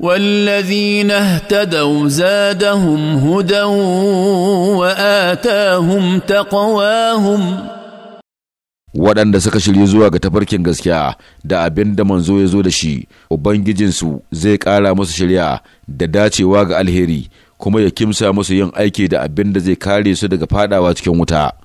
والذين اهتدوا زادهم هدى واتاهم تقواهم waɗanda suka shirya zuwa ga tafarkin gaskiya da abin da manzo ya zo da shi ubangijinsu zai ƙara musu shirya da dacewa ga alheri kuma ya kimsa musu yin aiki da abin da zai kare su daga fadawa cikin wuta